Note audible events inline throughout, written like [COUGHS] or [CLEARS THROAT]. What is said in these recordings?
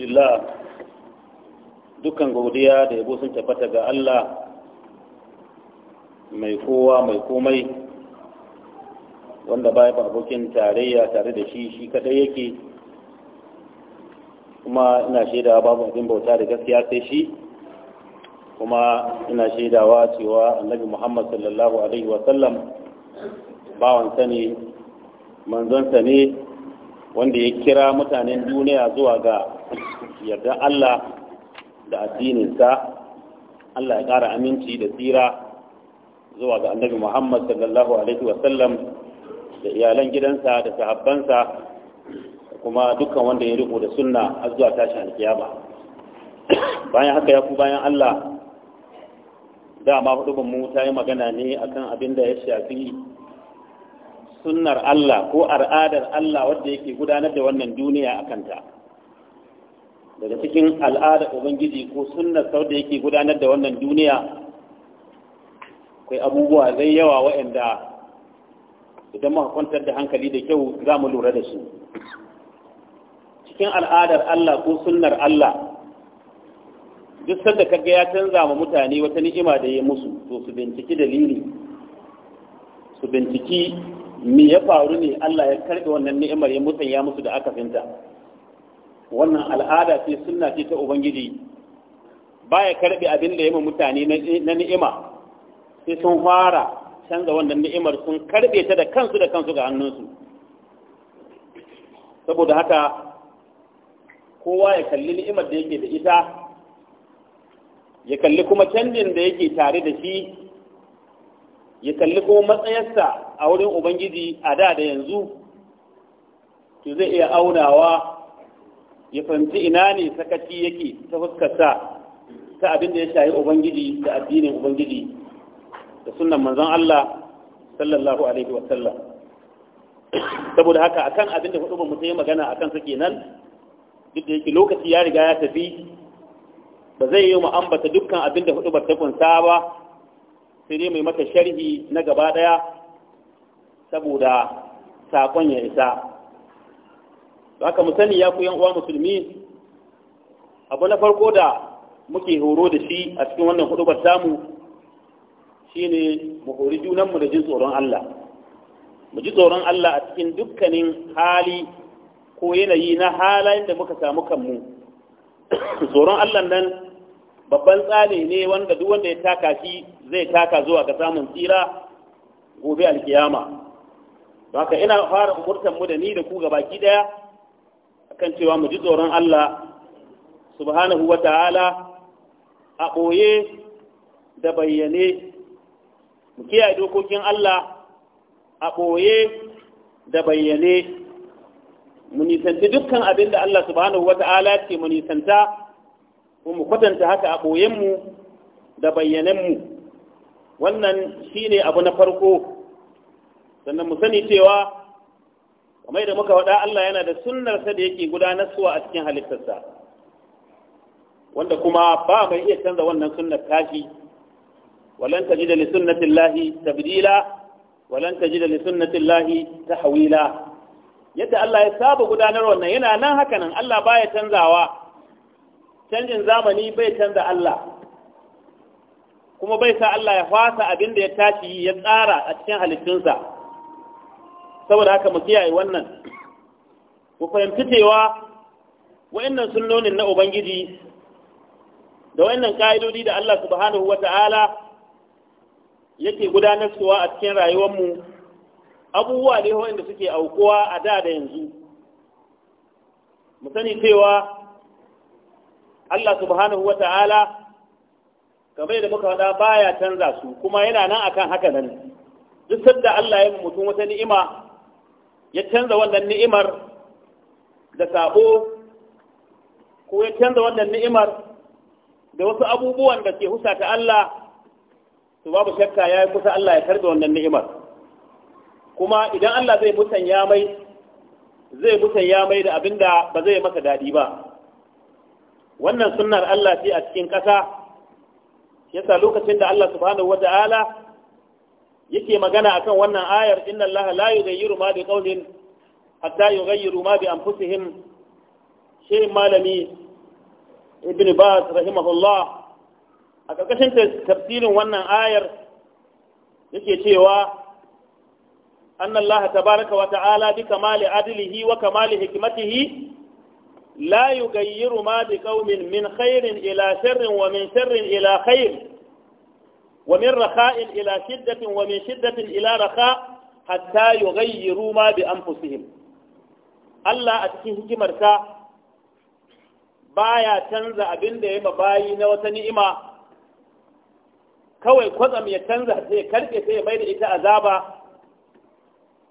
alhamdulillah dukkan godiya da yabo sun tabbata ga Allah mai kowa mai komai wanda baya ba abokin tarayya tare da shi shi kadai yake kuma ina shaidawa babu abin bauta da gaskiya sai shi kuma ina shaidawa cewa annabi muhammad sallallahu alaihi wasallam bawansa ne manzonsa ne wanda ya kira mutanen duniya zuwa ga yarda Allah da addininsa Allah ya ƙara aminci da tsira zuwa ga annabi Muhammad sallallahu alaihi wasallam da iyalan gidansa da sahabbansa kuma dukkan wanda ya riko da sunna har zuwa tashin alkiyama bayan haka ya ku bayan Allah dama hudubin mu ta yi magana ne akan abin da ya shafi sunnar Allah ko al'adar Allah wadda yake gudanar da wannan duniya a kanta daga cikin al'ada ubangiji ko sunnar sau da yake gudanar da wannan duniya akwai abubuwa zai yawa wa'anda idan muka kwantar da hankali da kyau za mu lura da su cikin al'adar Allah ko sunnar Allah duk sanda kaga ya canza ma mutane wata ni'ima da ya musu to su binciki dalili su binciki me ya faru ne Allah ya karɓe wannan ni'imar ya musanya musu da aka finta wannan al'ada ce sunna ce ta ubangiji ba ya karbe abin da yamma mutane na ni'ima sai sun fara canza wannan ni'imar sun karbe ta da kansu da kansu ga hannunsu saboda haka kowa ya kalli ni'imar da yake da ita ya kalli kuma canjin da yake tare da shi ya kalli kuma matsayarsa a wurin ubangiji a da da yanzu ki zai iya aunawa ya fahimci ina ne sakaci yake ta fuskarsa ta abin da ya shayi ubangiji da addinin ubangiji da sunan manzon Allah sallallahu alaihi wa sallam saboda haka akan abin da hudu ba mu yi magana akan su kenan duk da yake lokaci ya riga ya tafi ba zai yi mu ambata dukkan abin da hudu ba ta kunsa ba sai dai mai mata sharhi na gaba daya saboda sakon ya isa haka mu musani ya ku yan uwa musulmi abu na farko da muke horo da shi a cikin wannan hudubar shi shine mu hori junanmu da jin tsoron Allah mu ji tsoron Allah a cikin dukkanin hali ko yanayi na halayen da muka samu kanmu tsoron Allah nan babban tsale ne wanda duk wanda ya taka shi zai taka zuwa ga samun tsira gobe alkiyama ka ina fara umurtanmu mu da ni da ku baki daya kan cewa mu ji tsoron Allah subhanahu wa ta'ala a ɓoye da bayyane mu kiyaye dokokin Allah a ɓoye da bayyane mu nisanta dukkan abin da Allah subhanahu wa ta'ala ce mu nisanta ko mu kwatanta haka a ɓoyenmu da bayyanenmu wannan shine abu na farko sannan mu sani cewa kamar da muka faɗa Allah yana da sa da yake suwa a cikin halittarsa wanda kuma ba mai iya canza wannan sunnar tashi walan tajida li llahi tabdila walan tajida li llahi tahwila yadda Allah ya saba gudanar wannan yana nan haka nan Allah baya canzawa canjin zamani bai canza Allah kuma bai sa Allah ya fasa abin da ya tashi ya tsara a cikin halittunsa saboda haka mu kiyaye wannan Ku fahimci cewa wa'annan sunnonin na ubangiji da wa'annan ka'idodi da Allah subhanahu wata'ala yake gudanar gudanarwa a cikin rayuwar mu, abubuwa ne wa'anda suke aukuwa a da da yanzu mu sani cewa Allah subhanahu wata'ala kamar yadda muka faɗa baya canza su kuma yana nan akan haka nan duk sadda Allah ya mutum wata ni'ima ya canza wannan ni'imar da sabo ko ya canza wannan ni'imar da wasu abubuwan da ke husa ta Allah to babu shakka ya kusa Allah ya karɓe wannan ni'imar kuma idan Allah zai musanya mai zai musanya mai da abinda ba zai masa daɗi ba wannan sunnar Allah ce a cikin ƙasa yasa lokacin da Allah subhanahu wa ta'ala yake magana akan wannan ayar inna Allah la yughayyiru ma bi qawlin hatta yughayyiru ma bi anfusihim shi malami ibn Baz rahimahullah a karkashin tafsirin wannan ayar yake cewa أن الله تبارك وتعالى بكمال عدله وكمال حكمته لا يغير ما بقوم من خير إلى شر ومن شر إلى خير ومن رخاء إلى شدة ومن شدة إلى رخاء حتى يغيروا ما بأنفسهم الله أتكي هكمرك بايا تنزى أبن دي مباين وتنئما kawai kwatsam ya canza sai karfe sai ya maida ita azaba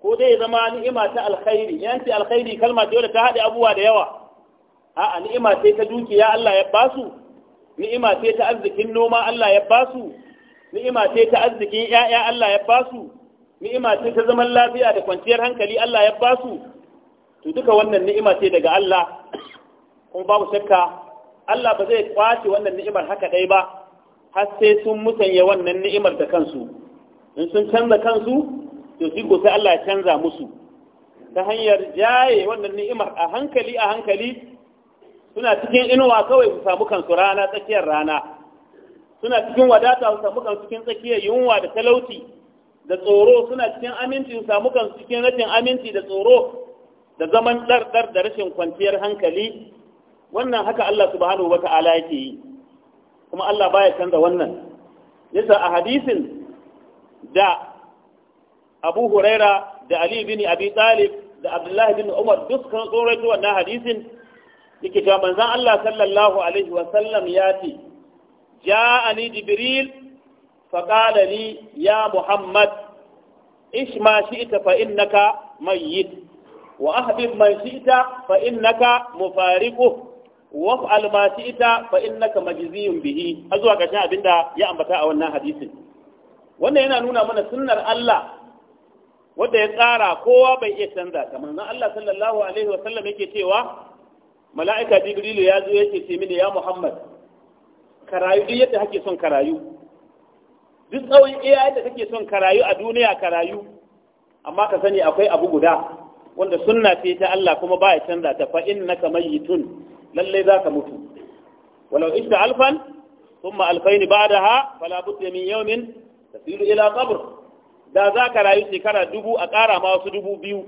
ko dai zama ni'ima ta alkhairi yanci alkhairi kalma ce ta haɗa abubuwa da yawa a'a ni'ima ce ta dukiya Allah ya basu ni'ima ce ta arzikin noma Allah ya basu ni'ima ce ta arzikin ‘ya'ya Allah ya basu ni'ima ce ta zaman lafiya da kwanciyar hankali Allah ya basu to duka wannan ni'ima ce daga Allah kuma babu shakka Allah ba zai kwace wannan ni'imar haka ɗai ba har sai sun musanya wannan ni'imar da kansu in sun canza kansu to shi sai Allah ya canza musu ta hanyar jaye wannan ni'imar a hankali a hankali suna cikin inuwa kawai su samu kansu rana tsakiyar rana suna cikin wadata su samu kansu cikin tsakiyar yunwa da talauci da tsoro suna cikin aminci su samu kansu cikin rashin aminci da tsoro da zaman ɗarɗar da rashin kwanciyar hankali wannan haka Allah subhanahu wata'ala yake yi kuma Allah baya canza wannan yasa a hadisin da Abu Huraira da Ali bin Abi Talib da Abdullahi bin Umar dukkan tsoron wannan hadisin yake cewa manzon Allah sallallahu alaihi wa sallam ya ce جاءني jibril فقال لي ya muhammad ish ما شئت fa ميت mayyit wa شئت man shi'ta وافعل ما شئت waf'al مجزي به fa innaka majziyun bihi har zuwa abinda ya ambata a wannan hadisin wannan yana nuna mana sunnar Allah wanda ya tsara kowa bai iya canza ta manzon Allah sallallahu alaihi wasallam yake cewa mala'ika jibrilu ya zo yake ce mini ya Muhammad karayu duk yadda kake son karayu duk tsawon iya yadda kake son karayu a duniya karayu amma ka sani akwai abu guda wanda sunna ce ta Allah kuma ba ya canza ta fa innaka lallai lalle ka mutu walau ishta alfan thumma alfayn ba'daha fala budda min yawmin tasilu ila qabr da ka rayu shekara dubu a ƙara ma wasu dubu biyu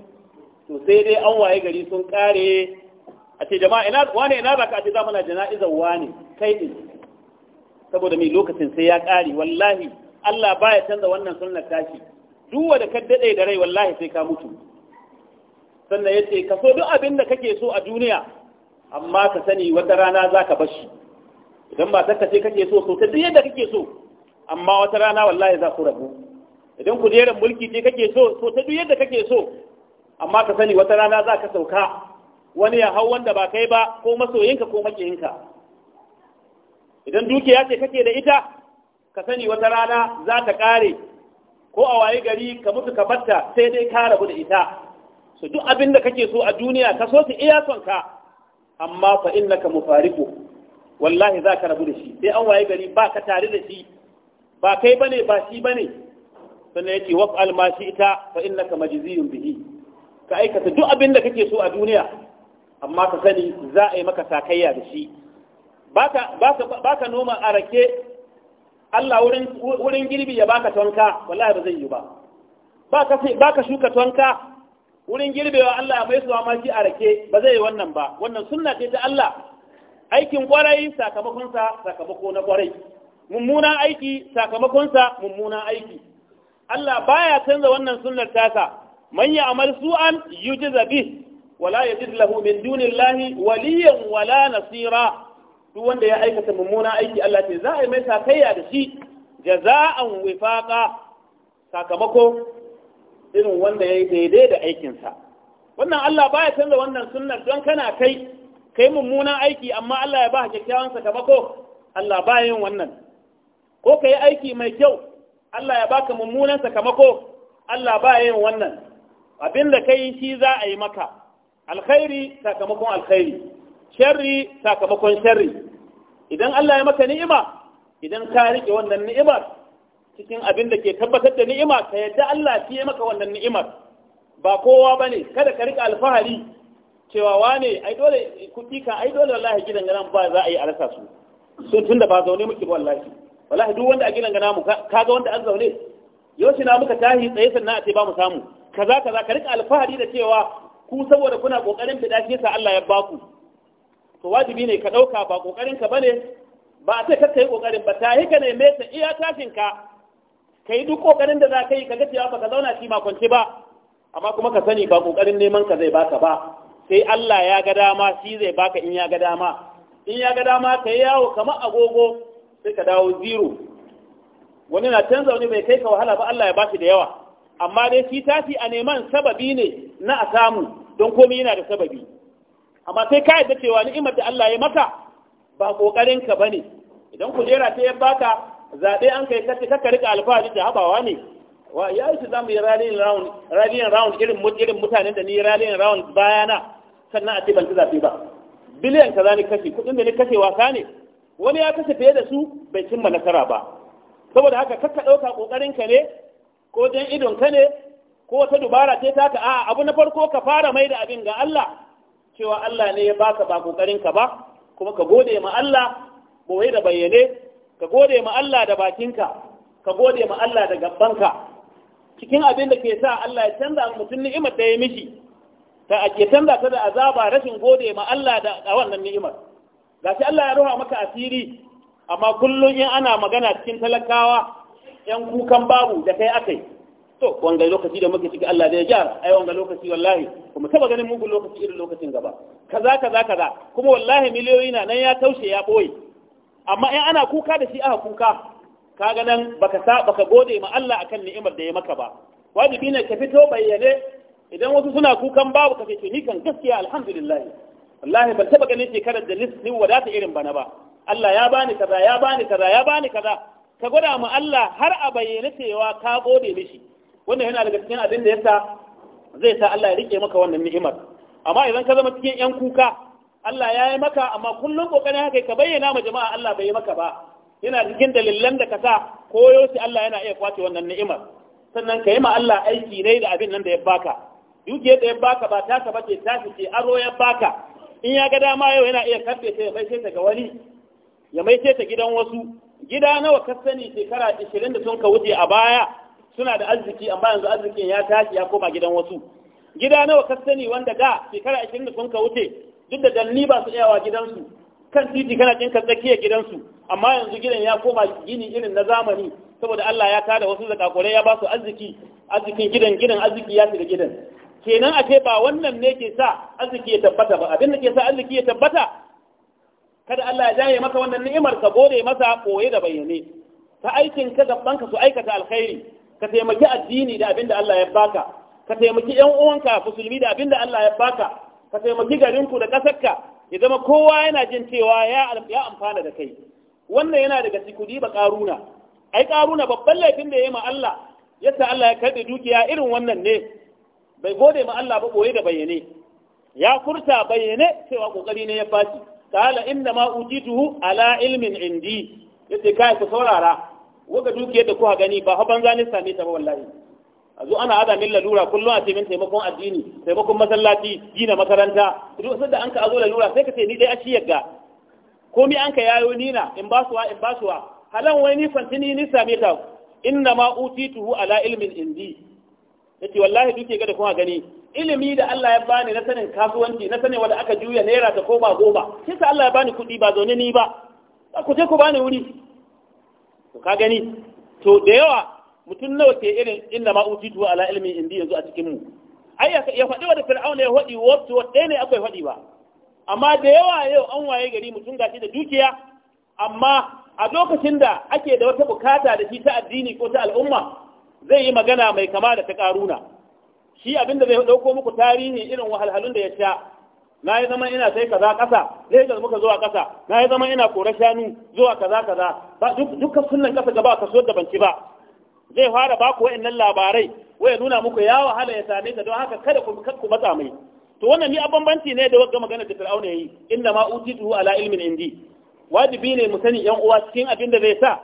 to dai an waye gari sun kare a ce jama'a ina wane ina zaka ce za mana jana'izar kai din saboda mai lokacin sai ya ƙare wallahi Allah baya canza wannan sunnar tashi duwa da kadda dade da rai wallahi sai ka mutu sannan ce ka so duk abin da kake so a duniya amma ka sani wata rana za ka bashi idan ba ta ce kake so so ta duk yadda kake so amma wata rana wallahi za ku rabu idan kujerar mulki ce kake so so ta duk yadda kake so amma ka sani wata rana za ka sauka wani ya hau wanda ba kai ba ko masoyinka ko makiyinka idan dukiya ce kake da ita ka sani wata rana za ta ƙare ko a waye gari ka mutu ka batta sai dai ka rabu da ita su duk abin da kake so a duniya ka so su iya son ka amma fa innaka mufariqu wallahi za ka rabu da shi sai an waye gari ba ka tare da shi ba kai bane ba shi bane sannan yake waf al ma shi ita fa innaka majziyun bihi ka aikata duk abin da kake so a duniya amma ka sani za a yi maka sakayya da shi ba ka noma a rake Allah wurin girbi ya baka tonka wallahi ba zai yi ba ba ka shuka tonka wurin girbewa Allah ya mai suwa maki a rake ba zai yi wannan ba wannan sunna ce ta Allah aikin kwarai sakamakonsa sakamako na kwarai mummunan aiki sakamakonsa mummunan aiki Allah baya canza wannan sunnar tasa man ya amal su'an yujza bih wala yajid lahu min dunillahi waliyan wala nasira duk wanda ya aikata mummuna aiki Allah ce za a yi mai sakayya da shi jaza'an wifaqa sakamako irin wanda ya yi daidai da aikinsa wannan Allah baya canza wannan sunnar don kana kai kai mummunan aiki amma Allah ya ba kyakkyawan sakamako Allah baya yin wannan ko kai aiki mai kyau Allah ya baka mummunan sakamako Allah baya yin wannan abin da kai shi za a yi maka alkhairi sakamakon alkhairi sharri sakamakon sharri idan Allah ya maka ni'ima idan ka rike wannan ni'imar cikin abin da ke tabbatar da ni'ima ka yadda Allah shi ya maka wannan ni'imar ba kowa bane kada ka rika alfahari cewa wane ai dole kuɗi ka ai dole wallahi gidan ganan ba za a yi alasa su su tunda ba zaune muke ba wallahi wallahi duk wanda a gidan gana mu kaga wanda an zaune yau na muka tahi tsaye sannan a ce ba mu samu kaza kaza ka rika alfahari da cewa ku saboda kuna kokarin fida sa yasa Allah ya baku to wajibi ne ka ɗauka ba ƙoƙarin ka bane ba a ka kai ƙoƙarin ba ta hika ne me ta iya tashin ka ka yi duk ƙoƙarin da za ka yi ka ga cewa ka zauna shi makonci ba amma kuma ka sani ba ƙoƙarin neman ka zai baka ba sai Allah ya ga dama shi zai baka in ya ga dama in ya ga dama ka yi yawo kamar agogo sai ka dawo zero wani na canza wani bai kai ka wahala ba Allah ya bashi da yawa amma dai shi tafi a neman sababi ne na a samu don komai yana da sababi amma sai ka yadda cewa ni'imar da Allah ya maka ba kokarin ka bane idan kujera ta ya baka zabe an kai kace ka rika alfahari da habawa ne wa ya yi za mu yi rallying round rallying round irin irin mutanen da ni rallying round bayana sannan a ce ban zabe ba biliyan ka zani kashe kudin da ni kashe wasa ne wani ya kashe fiye da su bai cimma nasara ba saboda haka kakka ɗauka kokarin ka ne ko dan idon ka ne ko wata dubara ce ta ka a'a abu na farko ka fara mai da abin ga Allah cewa Allah ne ya baka ba kokarin ka ba kuma ka gode ma Allah boye da bayyane ka gode ma Allah da bakinka ka gode ma Allah da gabanka cikin abin da ke sa Allah ya canza mutum ni'imar da ya mishi ta ake canza ta da azaba rashin gode ma Allah da wannan ni'imar gashi Allah ya ruha maka asiri amma kullum in ana magana cikin talakawa yan kukan babu da kai akai to wanga lokaci da muke ciki Allah zai a ai wanga lokaci wallahi kuma taba ganin mugun lokaci irin lokacin gaba kaza kaza kaza kuma wallahi miliyoyi na nan ya taushe ya boye amma in ana kuka da shi aka kuka kaga nan baka sa baka gode ma Allah akan ni'imar da ya maka ba wajibi ne ka fito bayyane idan wasu suna kukan babu ka ce ni kan gaskiya alhamdulillah wallahi ban taba ganin shekarar da ni wadata irin bana ba Allah ya bani kaza ya bani kaza ya bani kaza ka gwada mu Allah har a bayyane cewa ka gode mishi wannan yana daga cikin abin da yasa zai sa Allah ya rike maka wannan ni'imar amma idan ka zama cikin yan kuka Allah ya yi maka amma kullum kokarin haka ka bayyana ma jama'a Allah bai yi maka ba yana cikin dalilan da ka sa koyo shi Allah yana iya kwace wannan ni'imar sannan ka yi ma Allah aiki ne da abin nan da ya baka dukiyar da ya baka ba ta ka bace ta ce aro ya baka in ya ga dama yau yana iya karfe ta ya maishe ta ga wani ya maishe ta gidan wasu gida nawa ka sani shekara 20 da sun ka wuce a baya suna da arziki amma yanzu arzikin ya tashi ya koma gidan wasu gida nawa ka sani wanda da shekara ashirin da sun ka wuce duk da dalli ba su tsayawa gidansu kan titi kana jin ka tsakiyar gidansu amma yanzu gidan ya koma gini irin na zamani saboda Allah ya tada wasu zakakurai ya ba su arziki arzikin gidan gidan arziki ya shiga gidan kenan a ba wannan ne ke sa arziki ya tabbata ba abin da ke sa arziki ya tabbata kada Allah ya jaye maka wannan ni'imar ka gode masa koye da bayyane ta aikin ka gaban ka su aikata alkhairi ka taimaki addini da abin da Allah ya baka ka taimaki yan uwanka musulmi da abin da Allah ya baka ka taimaki garinku da ƙasarka ya zama kowa yana jin cewa ya amfana da kai wannan yana daga cikudi ba ƙaruna ai ƙaruna babban laifin da ya yi ma Allah yasa Allah ya karɓe dukiya irin wannan ne bai gode ma Allah ba boye da bayyane ya furta bayyane cewa kokari ne ya faci kala inda ma ujituhu ala ilmin indi yace kai ka saurara waga dukiyar da kuka gani ba haban ni same ta ba wallahi a zo ana azamin lalura kullum a ce min taimakon addini taimakon masallaci gina makaranta duk sanda an ka azo lalura sai ka ce ni dai a ciyar ga mi an ka yayo nina in ba suwa, in ba suwa. halan wai ni fantini ni same ta inna ma utituhu ala ilmin indi yace wallahi duke ga da kuma gani ilimi da Allah ya bani na sanin kasuwanci na sanin wanda aka juya naira ta ko koma goma sai Allah ya bani kuɗi ba zaune ni ba ku je ku bani wuri ka gani to da yawa mutum nawa ke irin inda ma utitu ala ilmi indi yanzu a cikin mu ai ya faɗi wa da fir'auna ya faɗi wa ɗaya ne akwai faɗi ba amma da yawa yau an waye gari mutum gashi da dukiya amma a lokacin da ake da wata bukata da shi ta addini ko ta al'umma zai yi magana mai kama da ta karuna shi abinda zai dauko muku tarihi irin wahalhalun da ya sha na yi zama ina sai kaza kasa Legas muka zuwa kasa na yi zama ina kora shanu zuwa kaza kaza ba dukkan sunan kasa gaba kaso da banci ba zai fara ba ku wa'annan labarai waya nuna muku ya wahala ya same ka don haka kada ku ku matsa mai to wannan ni banci ne da wagga magana da Fir'auna yayi inna ma utitu ala ilmin indi wajibi ne mu sani yan uwa cikin abin da zai sa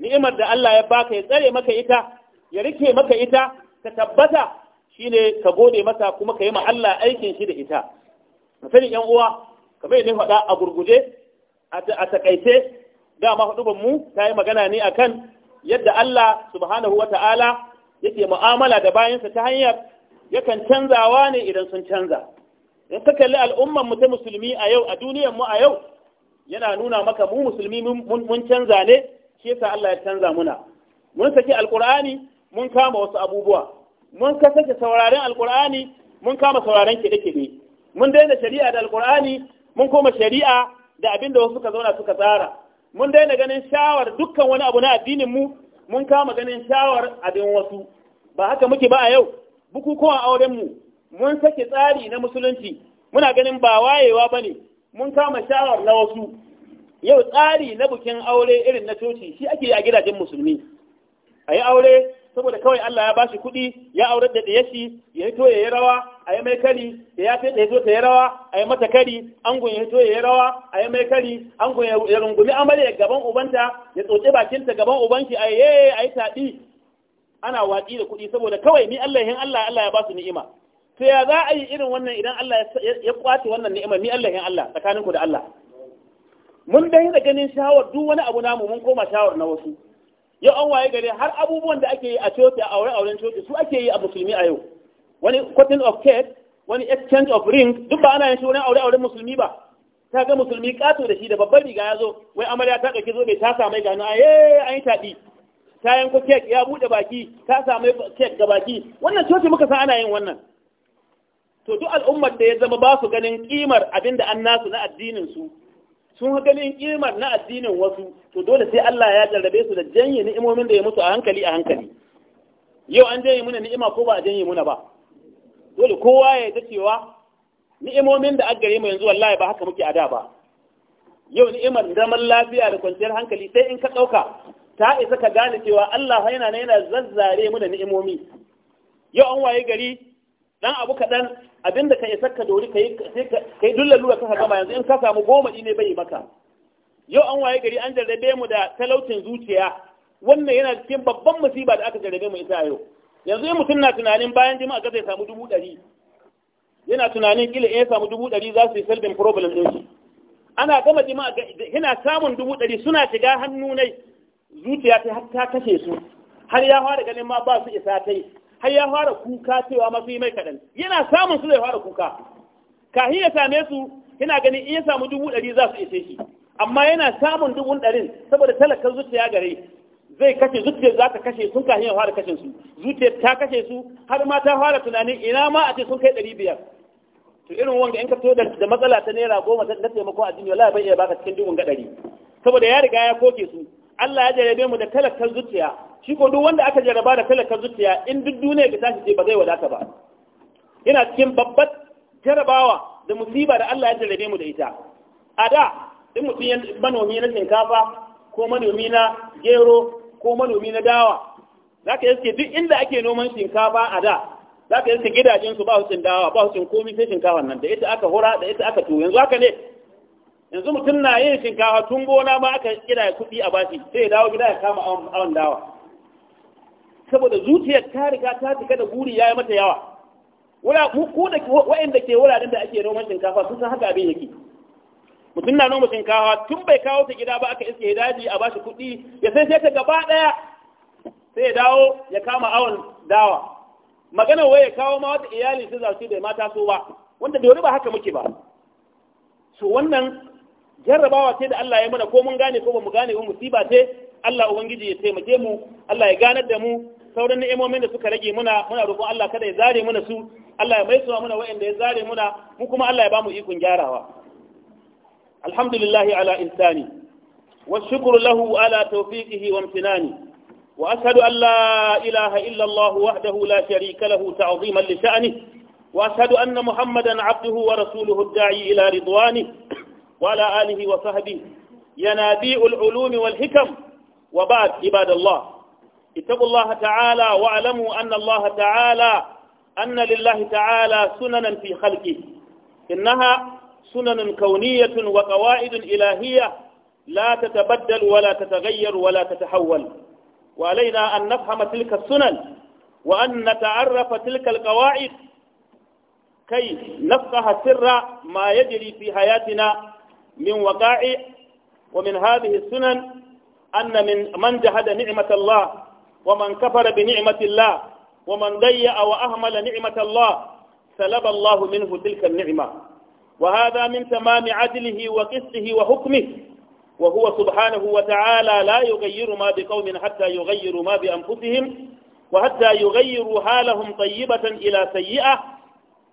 ni'imar da Allah ya baka ya tsare maka ita ya rike maka ita ka tabbata shine ka gode masa kuma ka yi ma Allah aikin shi da ita ka sani yan uwa kamar ne faɗa a gurguje a takaice dama hudubar mu ta yi magana ne akan yadda Allah subhanahu wata'ala yake mu'amala da bayansa ta hanyar yakan canzawa ne idan sun canza in ka kalli al'ummar mu ta musulmi a yau a duniyar mu a yau yana nuna maka mu musulmi mun canza ne shi yasa Allah ya canza muna mun saki alqur'ani mun kama wasu abubuwa mun ka sake sauraren alqur'ani mun kama sauraren kiɗe-kiɗe mun daina shari'a da alkur'ani mun koma shari'a da abin da wasu suka zauna suka tsara mun daina ganin shawar dukkan wani abu na addinin mu mun kama ganin shawar abin wasu ba haka muke ba a yau bukukuwan auren mu mun sake tsari na musulunci muna ganin ba wayewa bane mun kama shawar na wasu yau tsari na bukin aure irin na coci shi ake yi a gidajen musulmi a yi aure saboda kawai Allah ya bashi kuɗi ya aurar da ɗiyashi ya hito ya yi rawa a yi mai kari da ya fi ɗaya ta yi rawa a yi mata kari angon ya hito ya yi rawa a yi mai kari angon ya rungumi amarya gaban ubanta ya tsotse bakinta gaban ubanki a yi a yi taɗi ana watsi da kuɗi saboda kawai ni Allah yin Allah Allah ya basu ni'ima to ya za a yi irin wannan idan Allah ya kwace wannan ni'imar ni Allah yin Allah tsakaninku da Allah mun dai da ganin shawar duk wani abu namu mun koma shawar na wasu yau an waye gare har abubuwan da ake yi a coci a aure auren coci su ake yi a musulmi a yau wani cotton of cake wani exchange of ring duk ba ana yin shi wani aure auren musulmi ba ta ga musulmi kato da shi da babban riga ya zo wai amarya ta ɗauki zobe ta samai gano a ye an yi taɗi ta yanko cake ya buɗe baki ta samai cake ga baki wannan coci muka san ana yin wannan to duk al'ummar da ya zama ba su ganin kimar abinda da an nasu na addinin su sun ganin imar na addinin wasu to dole sai Allah ya jarrabe su da janye ni'imomin da ya mutu a hankali a hankali yau an janye muna ni'ima ko ba a janye muna ba dole kowa ya ta cewa ni'imomin da aka gare mu yanzu wallahi ba haka muke a da ba yau ni'imar zaman lafiya da kwanciyar hankali sai in ka ɗauka ta isa ka gane cewa Allah yana yana zazzare muna da ni'imomi yau an waye gari dan abu kaɗan abinda ka isa ka dori ka yi dullar lura ka gama yanzu in ka samu goma ne bai maka yau an waye gari an jarrabe mu da talaucin zuciya wannan yana cikin babban musiba da aka jarrabe mu ita yau yanzu in mutum na tunanin bayan jima'a ga zai samu dubu ɗari yana tunanin kila in ya samu dubu ɗari za su yi solving problem ɗin shi ana gama jima'a yana samun dubu ɗari suna shiga hannu nai zuciya ta ta kashe su har ya fara ganin ma ba su isa kai har ya fara kuka cewa masu yi mai kaɗan yana samun su zai fara kuka kahin ya same su yana ganin in ya samu dubu ɗari za su ishe shi amma yana samun dubu ɗarin saboda talakar zuciya gare zai kashe zuciyar za ta kashe sun kahin ya fara kashe su zuciyar ta kashe su har ma ta fara tunanin ina ma a ce sun kai ɗari biyar to irin wanga in ka to da matsala ta naira goma ta taimako a jini wallahi bai iya baka cikin dubun ga ɗari saboda ya riga ya koke su Allah ya jarabe mu da talakar zuciya shi ko duk wanda aka jaraba da talakar zuciya in duk duniya ga tashi ce ba zai wadata ba yana cikin babbar jarabawa da musiba da Allah ya jarabe mu da ita a da in mutum manomi na shinkafa ko manomi na gero ko manomi na dawa za ka duk inda ake noman shinkafa a da za ka yake gidajensu ba su dawa ba su komi sai shinkafa nan da ita aka hura da ita aka to yanzu haka ne yanzu mutum na yin shinkafa tun gona ma aka kira kuɗi a bashi sai ya dawo gida ya kama awon dawa saboda zuciyar ta riga ta cika da buri ya yi mata yawa wala ko da ke wuraren da ake noman shinkafa sun san haka abin yake mutum na noma shinkafa tun bai kawo ta gida ba aka iske daji a bashi kuɗi ya sai sai ta gaba ɗaya sai ya dawo ya kama awon dawa magana wai ya kawo ma wata iyali su zarci da mata so ba wanda da ba haka muke ba so wannan jarrabawa ce da Allah ya mana ko mun gane ko ba mu gane ba musiba ce Allah ubangiji ya taimake mu Allah ya ganar da mu sauran ni'imomin da suka rage muna muna roƙon Allah kada ya zare mana su Allah ya maisuwa muna wa'anda ya zare muna mu kuma Allah ya bamu ikon gyarawa alhamdulillahi ala insani wa shukru lahu ala tawfiqihi wa imtinani wa ashhadu an la ilaha illa Allah wahdahu la sharika lahu ta'ziman li sha'ni wa ashhadu anna muhammadan abduhu wa rasuluhu ad-da'i ila وعلى آله وصحبه ينابيع العلوم والحكم وبعد عباد الله اتقوا الله تعالى واعلموا أن الله تعالى أن لله تعالى سننا في خلقه إنها سنن كونية وقواعد إلهية لا تتبدل ولا تتغير ولا تتحول وعلينا أن نفهم تلك السنن وأن نتعرف تلك القواعد كي نفقه سر ما يجري في حياتنا من وقائع ومن هذه السنن أن من من جحد نعمة الله ومن كفر بنعمة الله ومن ضيع وأهمل نعمة الله سلب الله منه تلك النعمة وهذا من تمام عدله وقسطه وحكمه وهو سبحانه وتعالى لا يغير ما بقوم حتى يغيروا ما بأنفسهم وحتى يغيروا حالهم طيبة إلى سيئة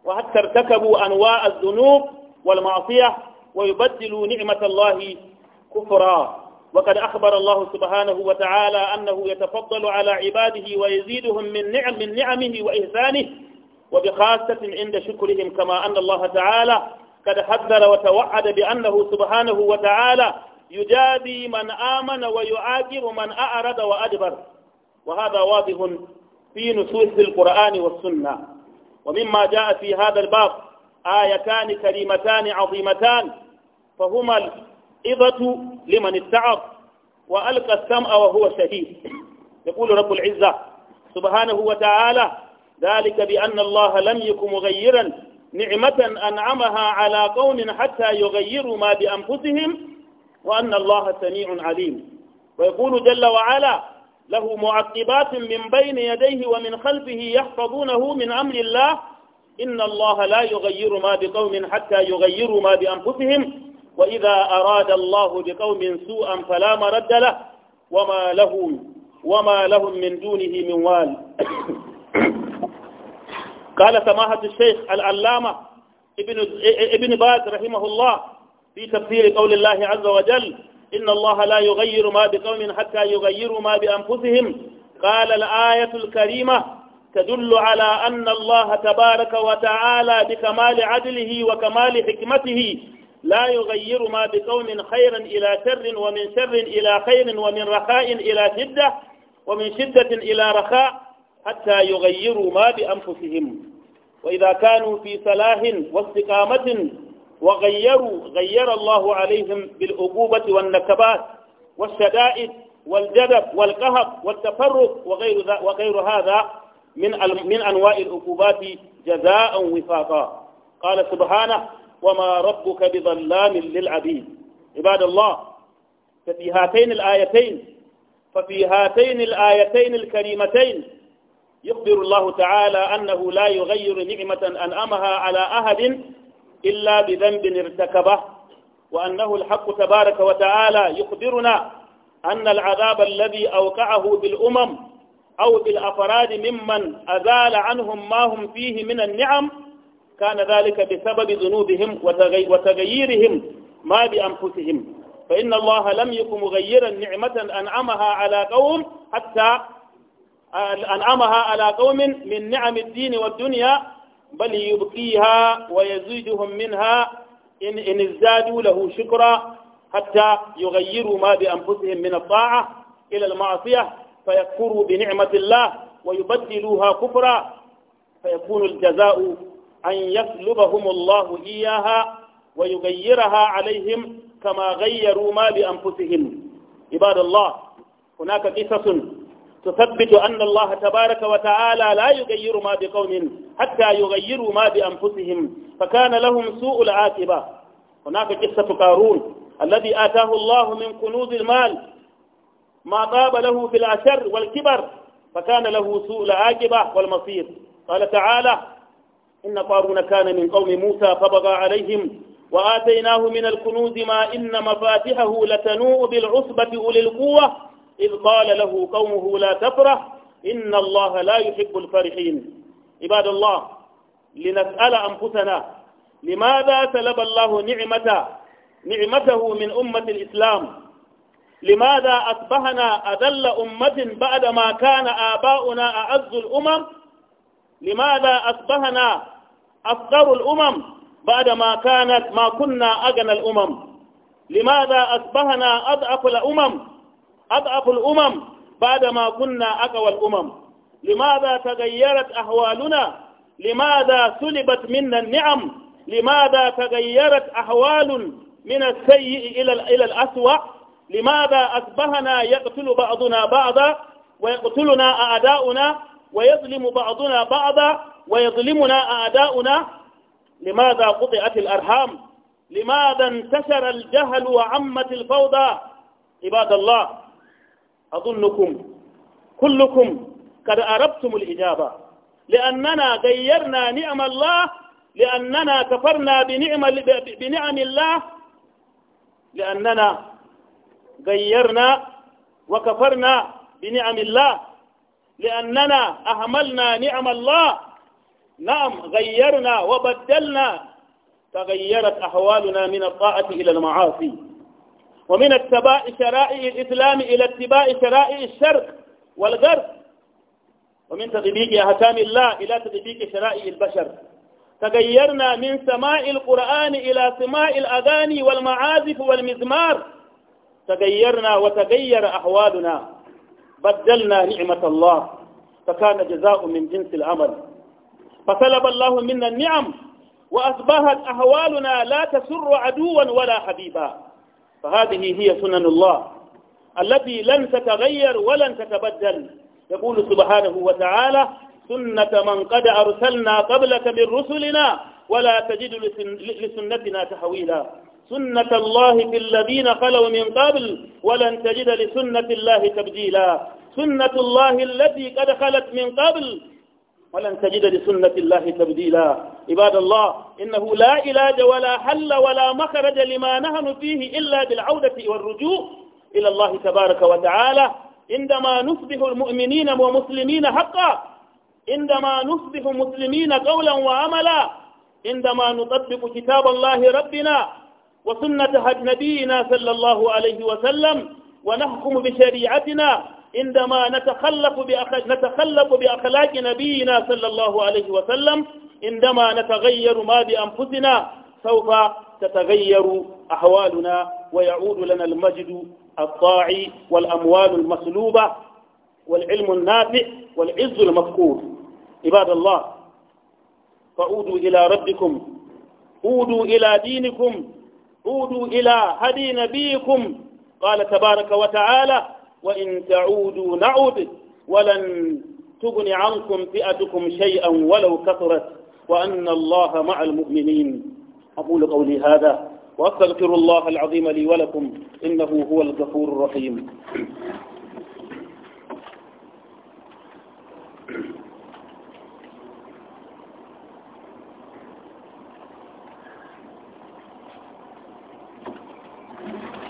وحتى ارتكبوا أنواع الذنوب والمعصية ويبدلوا نعمة الله كفرا وقد أخبر الله سبحانه وتعالى أنه يتفضل على عباده ويزيدهم من نعم من نعمه وإحسانه وبخاصة عند شكرهم كما أن الله تعالى قد حذر وتوعد بأنه سبحانه وتعالى يجادي من آمن ويعاقب من أعرض وأدبر وهذا واضح في نصوص القرآن والسنة ومما جاء في هذا الباب آيتان كريمتان عظيمتان فهما الإضة لمن اتعظ وألقى السمع وهو شهيد يقول رب العزة سبحانه وتعالى ذلك بأن الله لم يكن مغيرا نعمة أنعمها على قوم حتى يغيروا ما بأنفسهم وأن الله سميع عليم ويقول جل وعلا له معقبات من بين يديه ومن خلفه يحفظونه من أمر الله إن الله لا يغير ما بقوم حتى يغيروا ما بأنفسهم وإذا أراد الله بقوم سوءا فلا مرد له وما له وما لهم من دونه من وال [COUGHS] قال سماحة الشيخ العلامة ابن ابن باز رحمه الله في تفسير قول الله عز وجل إن الله لا يغير ما بقوم حتى يغيروا ما بأنفسهم قال الآية الكريمة تدل على أن الله تبارك وتعالى بكمال عدله وكمال حكمته لا يغير ما بقوم خيرا إلى شر ومن شر إلى خير ومن رخاء إلى شدة ومن شدة إلى رخاء حتى يغيروا ما بأنفسهم وإذا كانوا في صلاح واستقامة وغيروا غير الله عليهم بالعقوبة والنكبات والشدائد والجدب والقهر والتفرق وغير, وغير هذا من, من أنواع العقوبات جزاء وفاقا قال سبحانه وما ربك بظلام للعبيد عباد الله ففي هاتين الآيتين ففي هاتين الآيتين الكريمتين يخبر الله تعالى أنه لا يغير نعمة أنأمها على أحد إلا بذنب ارتكبه وأنه الحق تبارك وتعالى يخبرنا أن العذاب الذي أوقعه بالأمم أو بالأفراد ممن أزال عنهم ما هم فيه من النعم كان ذلك بسبب ذنوبهم وتغييرهم ما بأنفسهم فإن الله لم يكن مغيرا نعمة أنعمها على قوم حتى أنعمها على قوم من نعم الدين والدنيا بل يبقيها ويزيدهم منها إن, إن ازدادوا له شكرا حتى يغيروا ما بأنفسهم من الطاعة إلى المعصية فيكفروا بنعمة الله ويبدلوها كفرا فيكون الجزاء أن يسلبهم الله إياها ويغيرها عليهم كما غيروا ما بأنفسهم عباد الله هناك قصص تثبت أن الله تبارك وتعالى لا يغير ما بقوم حتى يغيروا ما بأنفسهم فكان لهم سوء العاقبة هناك قصة قارون الذي آتاه الله من كنوز المال ما طاب له في العشر والكبر فكان له سوء العاقبة والمصير قال تعالى إن قارون كان من قوم موسى فبغى عليهم وآتيناه من الكنوز ما إن مفاتحه لتنوء بالعصبة أولي القوة إذ قال له قومه لا تفرح إن الله لا يحب الفرحين عباد الله لنسأل أنفسنا لماذا سلب الله نعمة نعمته من أمة الإسلام لماذا أصبحنا أذل أمة بعدما كان آباؤنا أعز الأمم لماذا أصبحنا أفقر الأمم بعدما كانت ما كنا أغنى الأمم لماذا أصبحنا أضعف الأمم أضعف الأمم بعدما كنا أقوى الأمم لماذا تغيرت أحوالنا لماذا سلبت منا النعم لماذا تغيرت أحوال من السيء إلى إلى الأسوأ لماذا أصبحنا يقتل بعضنا بعضا ويقتلنا أعداؤنا ويظلم بعضنا بعضا ويظلمنا أعداؤنا لماذا قطعت الأرحام لماذا انتشر الجهل وعمت الفوضى عباد الله أظنكم كلكم قد أردتم الإجابة لأننا غيرنا نعم الله لأننا كفرنا بنعم, بنعم الله لأننا غيرنا وكفرنا بنعم الله لأننا أهملنا نعم الله نعم غيرنا وبدلنا تغيرت أحوالنا من الطاعة إلى المعاصي ومن اتباع شرائع الإسلام إلى اتباع شرائع الشرق والغرب ومن تطبيق أحكام الله إلى تطبيق شرائع البشر تغيرنا من سماع القرآن إلى سماع الأغاني والمعازف والمزمار تغيرنا وتغير أحوالنا بدلنا نعمة الله فكان جزاء من جنس العمل فسلب الله منا النعم وأصبحت أهوالنا لا تسر عدوا ولا حبيبا فهذه هي سنن الله التي لن تتغير ولن تتبدل يقول سبحانه وتعالى سنة من قد أرسلنا قبلك من رسلنا ولا تجد لسنتنا تحويلا سنة الله في الذين خلوا من قبل ولن تجد لسنة الله تبديلا سنة الله التي قد خلت من قبل ولن تجد لسنة الله تبديلا عباد الله إنه لا علاج ولا حل ولا مخرج لما نهن فيه إلا بالعودة والرجوع إلى الله تبارك وتعالى عندما نصبح المؤمنين ومسلمين حقا عندما نصبح مسلمين قولا وعملا عندما نطبق كتاب الله ربنا وسنة نبينا صلى الله عليه وسلم ونحكم بشريعتنا عندما نتخلف بأخ... نتخلف بأخلاق نبينا صلى الله عليه وسلم عندما نتغير ما بأنفسنا سوف تتغير أحوالنا ويعود لنا المجد الطاعي والأموال المسلوبة والعلم النافع والعز المذكور عباد الله فعودوا إلى ربكم عودوا إلى دينكم عودوا إلى هدي نبيكم قال تبارك وتعالى وإن تعودوا نعود ولن تغني عنكم فئتكم شيئا ولو كثرت وأن الله مع المؤمنين أقول قولي هذا وأستغفر الله العظيم لي ولكم إنه هو الغفور الرحيم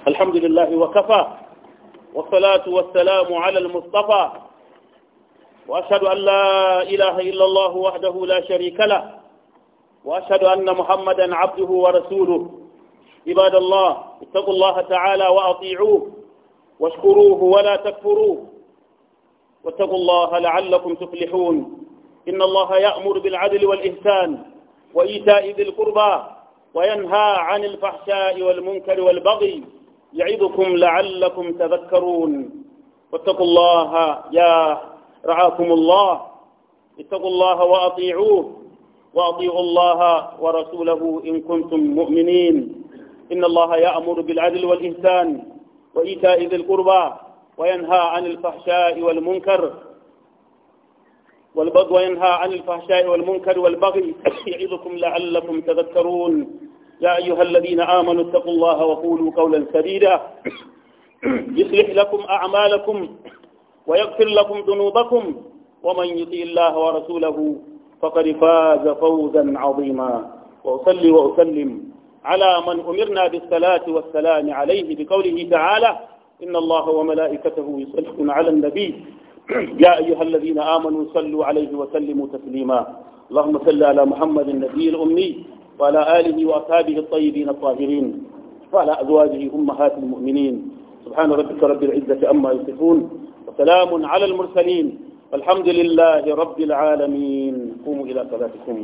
الحمد لله وكفى والصلاة والسلام على المصطفى وأشهد أن لا إله إلا الله وحده لا شريك له وأشهد أن محمدا عبده ورسوله عباد الله اتقوا الله تعالى وأطيعوه واشكروه ولا تكفروه واتقوا الله لعلكم تفلحون إن الله يأمر بالعدل والإحسان وإيتاء ذي القربى وينهى عن الفحشاء والمنكر والبغي يعظكم لعلكم تذكرون واتقوا الله يا رعاكم الله اتقوا الله وأطيعوه وأطيعوا الله ورسوله إن كنتم مؤمنين إن الله يأمر بالعدل والإحسان وإيتاء ذي القربى وينهى عن الفحشاء والمنكر والبغي وينهى عن الفحشاء والمنكر والبغي يعظكم لعلكم تذكرون يا أيها الذين آمنوا اتقوا الله وقولوا قولا سديدا [CLEARS THROAT] يصلح لكم أعمالكم ويغفر لكم ذنوبكم ومن يطيع الله ورسوله فقد فاز فوزا عظيما وأصلي وأسلم على من أمرنا بالصلاة والسلام عليه بقوله تعالى إن الله وملائكته يصلحون على النبي [CLEARS THROAT] يا أيها الذين آمنوا صلوا عليه وسلموا تسليما اللهم صل على محمد النبي الأمي وعلى آله وأصحابه الطيبين الطاهرين وعلى أزواجه أمهات المؤمنين سبحان ربك رب العزة أما يصفون وسلام على المرسلين والحمد لله رب العالمين قوموا إلى صلاتكم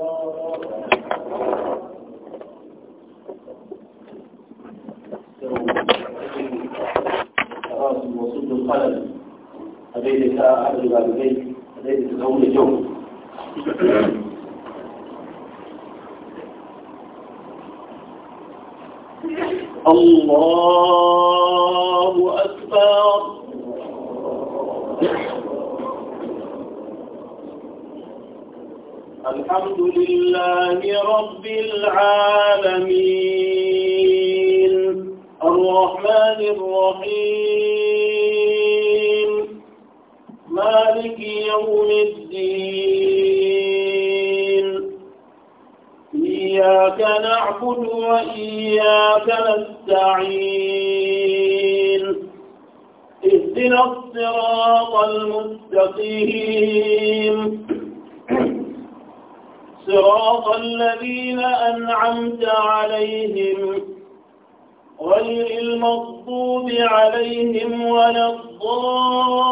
أحد الوالدين الذي تدعون اليوم الله أكبر الحمد لله رب العالمين عليهم ولا الضالين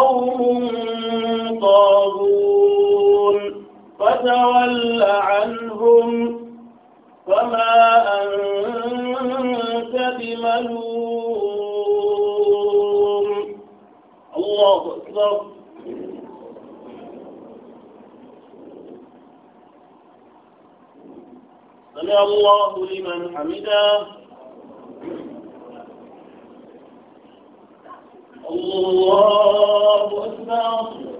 قوم طاغون فتول عنهم فما أنت بملوم الله أكبر سمع الله لمن حمده الله الله أكبر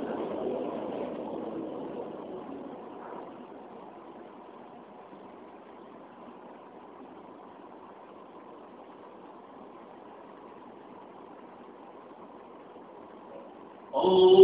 الله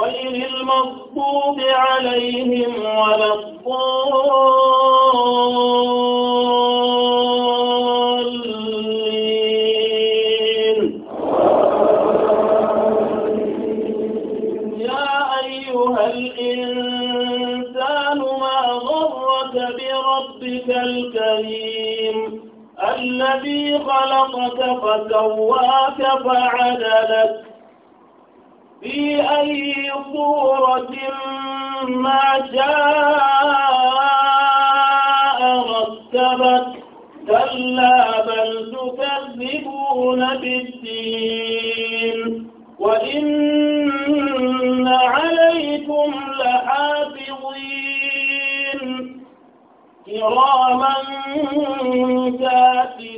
غير المغضوب عليهم ولا الضالين يا أيها الإنسان ما غرك بربك الكريم الذي خلقك فسواك فعدلك بأي صورة ما شاء رتبت كلا بل تكذبون بالدين وإن عليكم لحافظين كراما كاتبين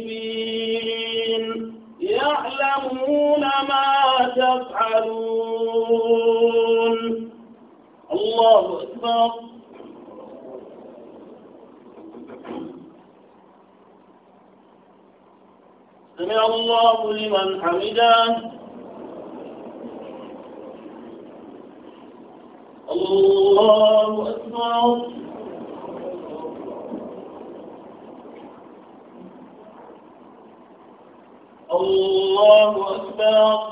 الله لمن حمده الله أكبر الله أكبر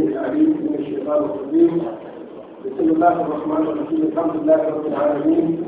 السميع العليم من الشيطان الرجيم بسم الله الرحمن الرحيم الحمد لله رب العالمين